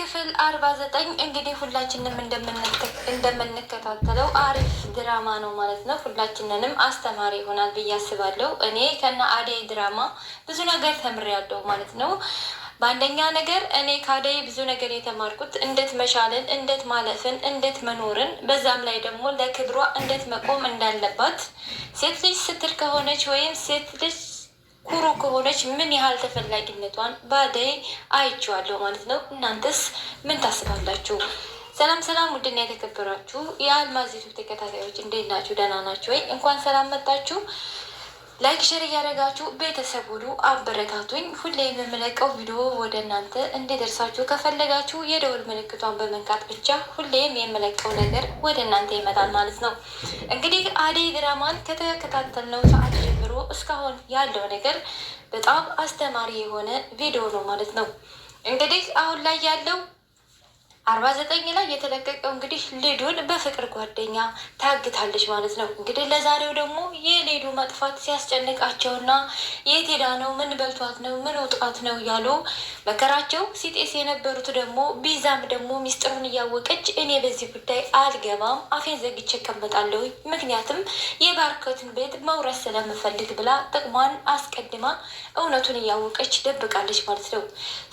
ክፍል አርባ ዘጠኝ እንግዲህ ሁላችንም እንደምንከታተለው አሪፍ ድራማ ነው ማለት ነው። ሁላችንንም አስተማሪ ይሆናል ብዬ አስባለሁ። እኔ ከነ አደይ ድራማ ብዙ ነገር ተምሬያለሁ ማለት ነው። በአንደኛ ነገር እኔ ከአደይ ብዙ ነገር የተማርኩት እንዴት መሻልን እንዴት ማለፍን፣ እንዴት መኖርን በዛም ላይ ደግሞ ለክብሯ እንዴት መቆም እንዳለባት ሴት ልጅ ስትል ከሆነች ወይም ሴት ልጅ ኩሩ ከሆነች ምን ያህል ተፈላጊነቷን በአደይ አይቼዋለሁ ማለት ነው። እናንተስ ምን ታስባላችሁ? ሰላም ሰላም፣ ውድና የተከበራችሁ የአልማዝ ተከታታዮች እንዴት ናችሁ? ደህና ናችሁ ወይ? እንኳን ሰላም መጣችሁ። ላይክ ሸር እያደረጋችሁ ቤተሰብ ሁሉ አበረታቱኝ። ሁሌ የምመለቀው ቪዲዮ ወደ እናንተ እንዲደርሳችሁ ከፈለጋችሁ የደወል ምልክቷን በመንካት ብቻ ሁሌም የመለቀው ነገር ወደ እናንተ ይመጣል ማለት ነው። እንግዲህ አደይ ድራማን ከተከታተልነው ሰዓት እስካሁን ያለው ነገር በጣም አስተማሪ የሆነ ቪዲዮ ነው ማለት ነው። እንግዲህ አሁን ላይ ያለው አርባ ዘጠኝ ላይ የተለቀቀው እንግዲህ ሊዱን በፍቅር ጓደኛ ታግታለች ማለት ነው። እንግዲህ ለዛሬው ደግሞ የሊዱ መጥፋት ሲያስጨንቃቸውና የት ሄዳ ነው፣ ምን በልቷት ነው፣ ምን ውጧት ነው እያሉ መከራቸው ሲጤስ የነበሩት ደግሞ ቢዛም ደግሞ ሚስጥሩን እያወቀች እኔ በዚህ ጉዳይ አልገባም፣ አፌን ዘግቼ እቀመጣለሁ፣ ምክንያቱም የባርኮትን ቤት መውረስ ስለምፈልግ ብላ ጥቅሟን አስቀድማ እውነቱን እያወቀች ደብቃለች ማለት ነው።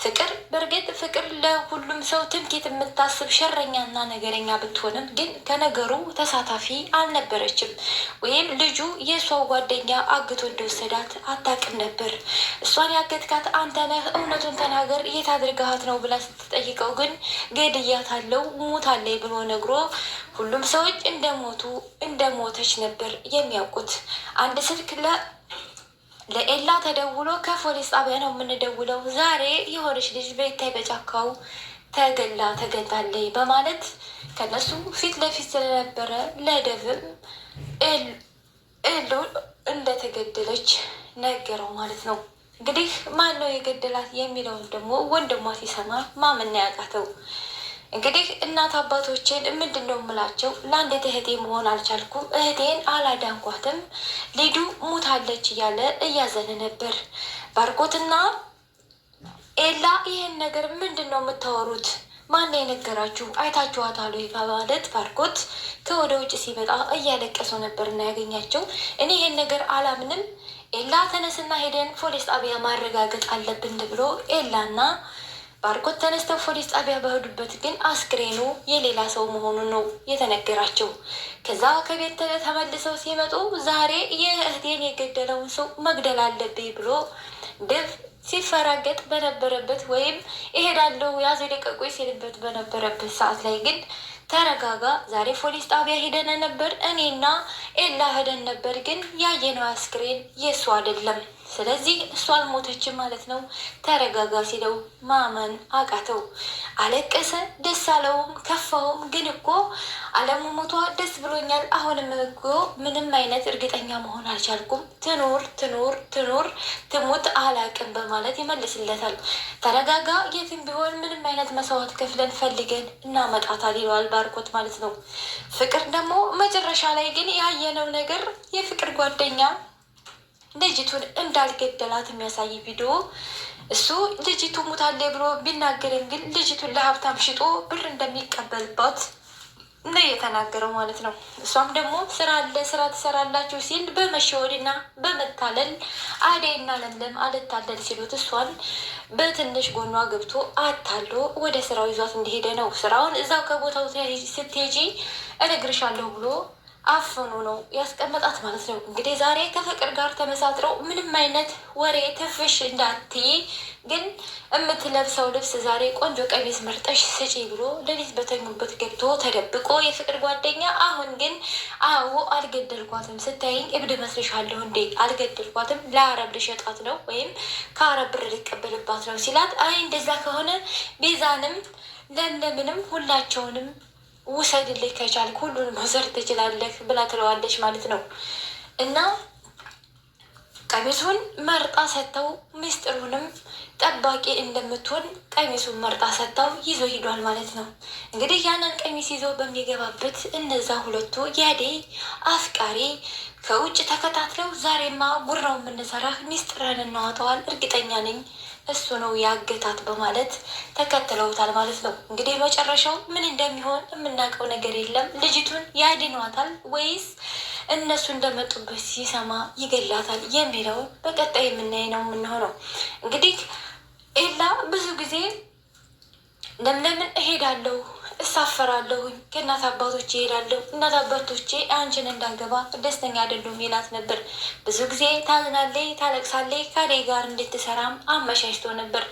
ፍቅር በእርግጥ ፍቅር ለሁሉም ሰው ትምክህት የምታስብ ሸረኛና ነገረኛ ብትሆንም ግን ከነገሩ ተሳታፊ አልነበረችም። ወይም ልጁ የእሷው ጓደኛ አግቶ እንደወሰዳት አታውቅም ነበር። እሷን ያገትካት አንተ ነህ፣ እውነቱን ተናገር፣ የት አድርገሃት ነው ብላ ስትጠይቀው ግን ገድያታለሁ፣ ሞታለች ብሎ ነግሮ ሁሉም ሰዎች እንደሞቱ እንደሞተች ነበር የሚያውቁት። አንድ ስልክ ለ ለኤላ ተደውሎ ከፖሊስ ጣቢያ ነው የምንደውለው፣ ዛሬ የሆነች ልጅ በይታይ በጫካው ተገላ ተገላለይ በማለት ከነሱ ፊት ለፊት ስለነበረ ለደብም እሎ እንደተገደለች ነገረው ማለት ነው። እንግዲህ ማን ነው የገደላት የሚለውን ደግሞ ወንድሟ ሲሰማ ማመን ያቃተው። እንግዲህ እናት አባቶችን ምንድን ነው የምላቸው? ለአንዲት እህቴ መሆን አልቻልኩም፣ እህቴን አላዳንኳትም፣ ሊዱ ሙታለች እያለ እያዘነ ነበር ባርኮትና ኤላ ይሄን ነገር ምንድን ነው የምታወሩት? ማን የነገራችሁ? አይታችኋታል ወይ በማለት ባርኮት ከወደ ውጭ ሲመጣ እያለቀሰው ነበር እና ያገኛቸው። እኔ ይሄን ነገር አላምንም። ኤላ ተነስና ሄደን ፖሊስ ጣቢያ ማረጋገጥ አለብን ብሎ ኤላና ባርኮት ተነስተው ፖሊስ ጣቢያ በሄዱበት ግን አስክሬኑ የሌላ ሰው መሆኑን ነው የተነገራቸው። ከዛ ከቤት ተመልሰው ሲመጡ ዛሬ የእህቴን የገደለውን ሰው መግደል አለብኝ ብሎ ድፍ ሲፈራገጥ በነበረበት ወይም እሄዳለሁ ያዘ ደቀቆ ሲልበት በነበረበት ሰዓት ላይ ግን ተረጋጋ። ዛሬ ፖሊስ ጣቢያ ሄደን ነበር፣ እኔና ኤላ ሄደን ነበር። ግን ያየነው አስክሬን የእሱ አይደለም። ስለዚህ እሷ አልሞተችም ማለት ነው። ተረጋጋ ሲለው ማመን አቃተው። አለቀሰ፣ ደስ አለውም ከፋውም። ግን እኮ አለመሞቷ ደስ ብሎኛል። አሁንም እኮ ምንም አይነት እርግጠኛ መሆን አልቻልኩም። ትኑር ትኑር ትኑር ትሙት አላቅም በማለት ይመልስለታል። ተረጋጋ፣ የትም ቢሆን ምንም አይነት መስዋዕት ከፍለን ፈልገን እናመጣታል ይለዋል ባርኮት ማለት ነው። ፍቅር ደግሞ መጨረሻ ላይ ግን ያየነው ነገር የፍቅር ጓደኛ ልጅቱን እንዳልገደላት የሚያሳይ ቪዲዮ እሱ ልጅቱ ሙታለ ብሎ ቢናገርም ግን ልጅቱን ለሀብታም ሽጦ ብር እንደሚቀበልባት ነው የተናገረው ማለት ነው። እሷም ደግሞ ስራ አለ ስራ ትሰራላችሁ ሲል በመሸወድና በመታለል አደይና ለምለም አልታለል ሲሉት እሷን በትንሽ ጎኗ ገብቶ አታሎ ወደ ስራው ይዟት እንደሄደ ነው። ስራውን እዛው ከቦታው ስትሄጂ እነግርሻለሁ ብሎ አፍኑ ነው ያስቀመጣት ማለት ነው። እንግዲህ ዛሬ ከፍቅር ጋር ተመሳጥረው ምንም አይነት ወሬ ትፍሽ እንዳትይ፣ ግን የምትለብሰው ልብስ ዛሬ ቆንጆ ቀሚስ መርጠሽ ስጪ ብሎ ሌሊት በተኙበት ገብቶ ተደብቆ የፍቅር ጓደኛ አሁን ግን አዎ አልገደልኳትም፣ ስታይኝ እብድ መስልሻለሁ እንዴ? አልገደልኳትም፣ ለአረብ ልሸጣት ነው ወይም ከአረብ ብር ልቀበልባት ነው ሲላት፣ አይ እንደዛ ከሆነ ቤዛንም ለምለምንም ሁላቸውንም ውሰድልኝ ከቻልክ ሁሉን መውሰድ ትችላለህ ብላ ትለዋለች ማለት ነው። እና ቀሚሱን መርጣ ሰጥተው ምስጢሩንም ጠባቂ እንደምትሆን ቀሚሱን መርጣ ሰጥተው ይዞ ሂዷል ማለት ነው። እንግዲህ ያንን ቀሚስ ይዞ በሚገባበት እነዛ ሁለቱ የአደይ አፍቃሪ ከውጭ ተከታትለው ዛሬማ ጉራው የምንሰራህ ሚስጥረን እናወጣዋል እርግጠኛ ነኝ እሱ ነው ያገታት በማለት ተከትለውታል ማለት ነው። እንግዲህ መጨረሻው ምን እንደሚሆን የምናውቀው ነገር የለም። ልጅቱን ያድኗታል ወይስ እነሱ እንደመጡበት ሲሰማ ይገላታል የሚለው በቀጣይ የምናይ ነው የምንሆነው። እንግዲህ ኤላ ብዙ ጊዜ ለምለምን እሄዳለሁ እሳፈራለሁኝ ከእናት አባቶቼ ይሄዳለሁ እናት አባቶቼ አንቺን እንዳገባ ደስተኛ አይደሉም ይላት ነበር። ብዙ ጊዜ ታዝናለች፣ ታለቅሳለች። ካደይ ጋር እንድትሰራም አመሻሽቶ ነበር።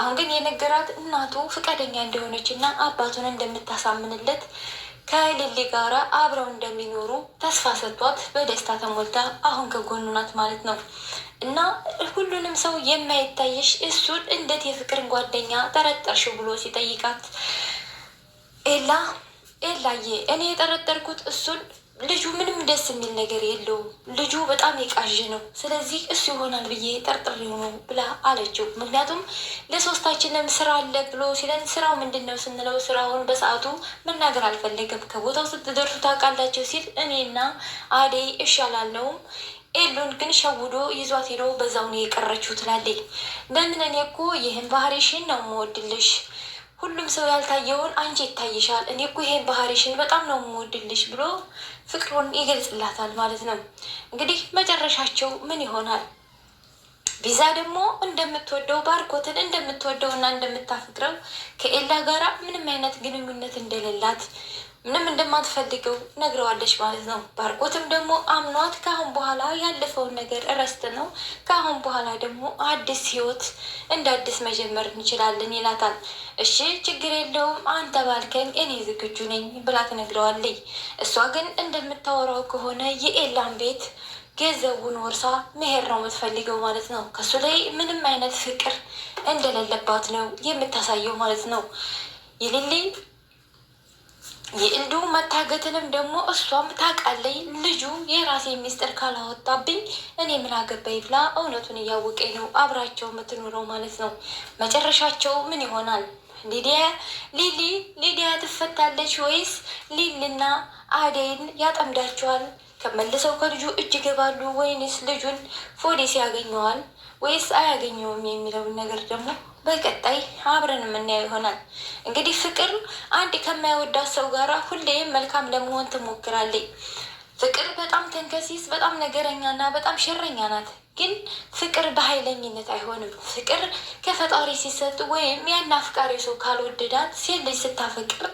አሁን ግን የነገራት እናቱ ፈቃደኛ እንደሆነች እና አባቱን እንደምታሳምንለት ከሊሊ ጋር አብረው እንደሚኖሩ ተስፋ ሰጥቷት በደስታ ተሞልታ አሁን ከጎኑ ናት ማለት ነው። እና ሁሉንም ሰው የማይታየሽ እሱን እንዴት የፍቅርን ጓደኛ ጠረጠርሽው ብሎ ሲጠይቃት ኤላ ኤላዬ፣ እኔ የጠረጠርኩት እሱን ልጁ ምንም ደስ የሚል ነገር የለውም። ልጁ በጣም የቃዥ ነው። ስለዚህ እሱ ይሆናል ብዬ ጠርጥሬው ነው ብላ አለችው። ምክንያቱም ለሶስታችንም ስራ አለ ብሎ ሲለን ስራው ምንድን ነው ስንለው ስራውን በሰዓቱ መናገር አልፈለገም። ከቦታው ስትደርሱ ታውቃላቸው ሲል እኔና አደይ እሻላለውም ኤሉን ግን ሸውዶ ይዟት ሄዶ በዛው ነው የቀረችው ትላለች። ለምን እኔ እኮ ይህን ባህሪሽን ነው የምወድልሽ ሁሉም ሰው ያልታየውን አንቺ ይታይሻል። እኔ እኮ ይሄን ባህሪሽን በጣም ነው የምወድልሽ ብሎ ፍቅሩን ይገልጽላታል ማለት ነው። እንግዲህ መጨረሻቸው ምን ይሆናል? ቢዛ ደግሞ እንደምትወደው ባርኮትን እንደምትወደው እና እንደምታፈቅረው ከኤላ ጋራ ምንም አይነት ግንኙነት እንደሌላት ምንም እንደማትፈልገው ነግረዋለች ማለት ነው። ባርኮትም ደግሞ አምኗት ከአሁን በኋላ ያለፈውን ነገር እረስት ነው፣ ከአሁን በኋላ ደግሞ አዲስ ህይወት እንደ አዲስ መጀመር እንችላለን ይላታል። እሺ ችግር የለውም አንተ ባልከኝ እኔ ዝግጁ ነኝ ብላ ትነግረዋለች። እሷ ግን እንደምታወራው ከሆነ የኤላን ቤት ገንዘቡን ወርሳ መሄድ ነው የምትፈልገው ማለት ነው። ከሱ ላይ ምንም አይነት ፍቅር እንደሌለባት ነው የምታሳየው ማለት ነው። የሌሌ የእንዱ መታገትንም ደግሞ እሷም ታውቃለች። ልጁ የራሴ ሚስጥር ካላወጣብኝ እኔ ምን አገባኝ ብላ እውነቱን እያወቀኝ ነው አብራቸው የምትኖረው ማለት ነው። መጨረሻቸው ምን ይሆናል? ሊዲያ ሊሊ ሊዲያ ትፈታለች ወይስ ሊልና አደይን ያጠምዳቸዋል? ተመልሰው ከልጁ እጅ ይገባሉ ወይንስ ልጁን ፖሊስ ያገኘዋል ወይስ አያገኘውም የሚለውን ነገር ደግሞ በቀጣይ አብረን የምናየው ይሆናል። እንግዲህ ፍቅር አንድ ከማይወዳት ሰው ጋራ ሁሌም መልካም ለመሆን ትሞክራለች። ፍቅር በጣም ተንከሲስ፣ በጣም ነገረኛና በጣም ሸረኛ ናት። ግን ፍቅር በኃይለኝነት አይሆንም። ፍቅር ከፈጣሪ ሲሰጥ ወይም ያን አፍቃሪ ሰው ካልወደዳት ሴት ልጅ ስታፈቅር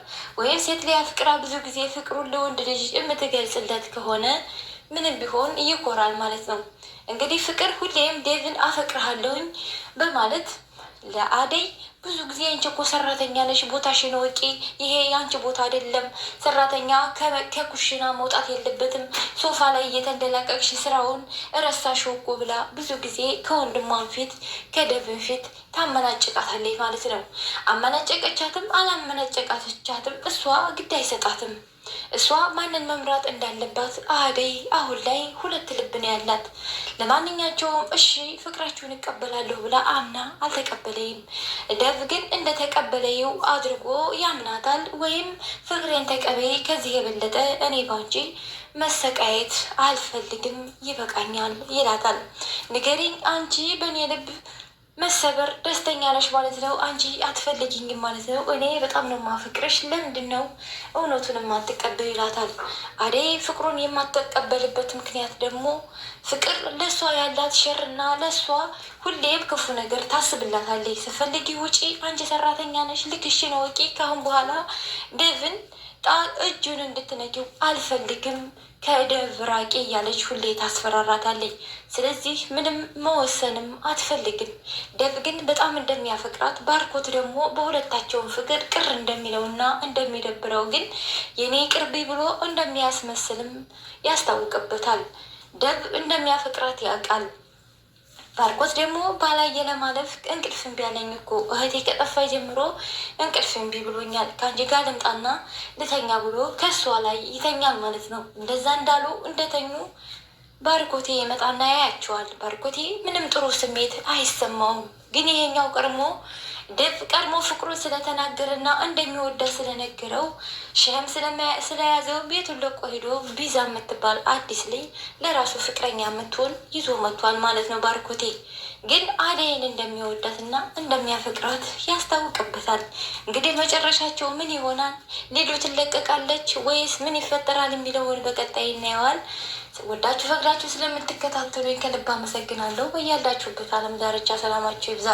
ወይም ሴት ላይ አፍቅራ ብዙ ጊዜ ፍቅሩን ለወንድ ልጅ የምትገልጽለት ከሆነ ምንም ቢሆን ይኮራል ማለት ነው። እንግዲህ ፍቅር ሁሌም ዴቭን አፈቅርሃለሁኝ በማለት ለአደይ ብዙ ጊዜ አንቺ እኮ ሰራተኛ ነሽ፣ ቦታሽን ወቂ። ይሄ የአንቺ ቦታ አይደለም። ሰራተኛ ከኩሽና መውጣት የለበትም። ሶፋ ላይ እየተንደላቀቅሽ ስራውን እረሳሽው እኮ ብላ ብዙ ጊዜ ከወንድሟን ፊት ከደብን ፊት ታመናጨቃታለች ማለት ነው። አመናጨቀቻትም አላመናጨቃቻትም እሷ ግድ አይሰጣትም። እሷ ማንን መምራት እንዳለባት አደይ አሁን ላይ ሁለት ልብ ነው ያላት። ለማንኛቸውም እሺ ፍቅራችሁን እቀበላለሁ ብላ አምና አልተቀበለይም። ደብ ግን እንደተቀበለየው አድርጎ ያምናታል። ወይም ፍቅሬን ተቀበይ፣ ከዚህ የበለጠ እኔ ባንቺ መሰቃየት አልፈልግም፣ ይበቃኛል ይላታል። ንገሪኝ አንቺ በእኔ ልብ መሰበር ደስተኛ ነሽ ማለት ነው። አንቺ አትፈልጊኝም ማለት ነው። እኔ በጣም ነው ማፍቅርሽ። ለምንድን ነው እውነቱን የማትቀበል ይላታል። አዴ ፍቅሩን የማትቀበልበት ምክንያት ደግሞ ፍቅር ለእሷ ያላት ሸር እና ለእሷ ሁሌም ክፉ ነገር ታስብላታለች። ስፈልጊ ውጪ፣ አንቺ ሰራተኛ ነሽ፣ ልክሽን ወቂ። ካሁን በኋላ ደቭን ጣ እጁን እንድትነጊው አልፈልግም ከደብ ራቂ እያለች ሁሌ ታስፈራራታለች። ስለዚህ ምንም መወሰንም አትፈልግም። ደብ ግን በጣም እንደሚያፈቅራት ባርኮት ደግሞ በሁለታቸውን ፍቅር ቅር እንደሚለውና እንደሚደብረው ግን የኔ ቅርቢ ብሎ እንደሚያስመስልም ያስታውቅበታል። ደብ እንደሚያፈቅራት ያውቃል። ባርኮት ደግሞ ባላየ ለማለፍ እንቅልፍ እምቢ አለኝ እኮ እህቴ ከጠፋ ጀምሮ እንቅልፍ እምቢ ብሎኛል። ከአንቺ ጋር ልምጣና ልተኛ ብሎ ከሷ ላይ ይተኛል ማለት ነው። እንደዛ እንዳሉ እንደተኙ ባርኮቴ ይመጣና ያያቸዋል። ባርኮቴ ምንም ጥሩ ስሜት አይሰማውም፣ ግን ይሄኛው ቀድሞ ዴቭ ቀድሞ ፍቅሩን ስለተናገረና እንደሚወዳ ስለነገረው ሸህም ስለያዘው ቤቱን ለቆ ሄዶ ቢዛ የምትባል አዲስ ልጅ ለራሱ ፍቅረኛ የምትሆን ይዞ መጥቷል ማለት ነው። ባርኮቴ ግን አደይን እንደሚወዳትና እንደሚያፈቅራት ያስታውቅበታል። እንግዲህ መጨረሻቸው ምን ይሆናል? ሊዱ ትለቀቃለች ወይስ ምን ይፈጠራል የሚለውን በቀጣይ እናየዋል። ወዳችሁ ፈቅዳችሁ ስለምትከታተሉኝ ከልብ አመሰግናለሁ። በያላችሁበት ዓለም ዳርቻ ሰላማችሁ ይብዛ።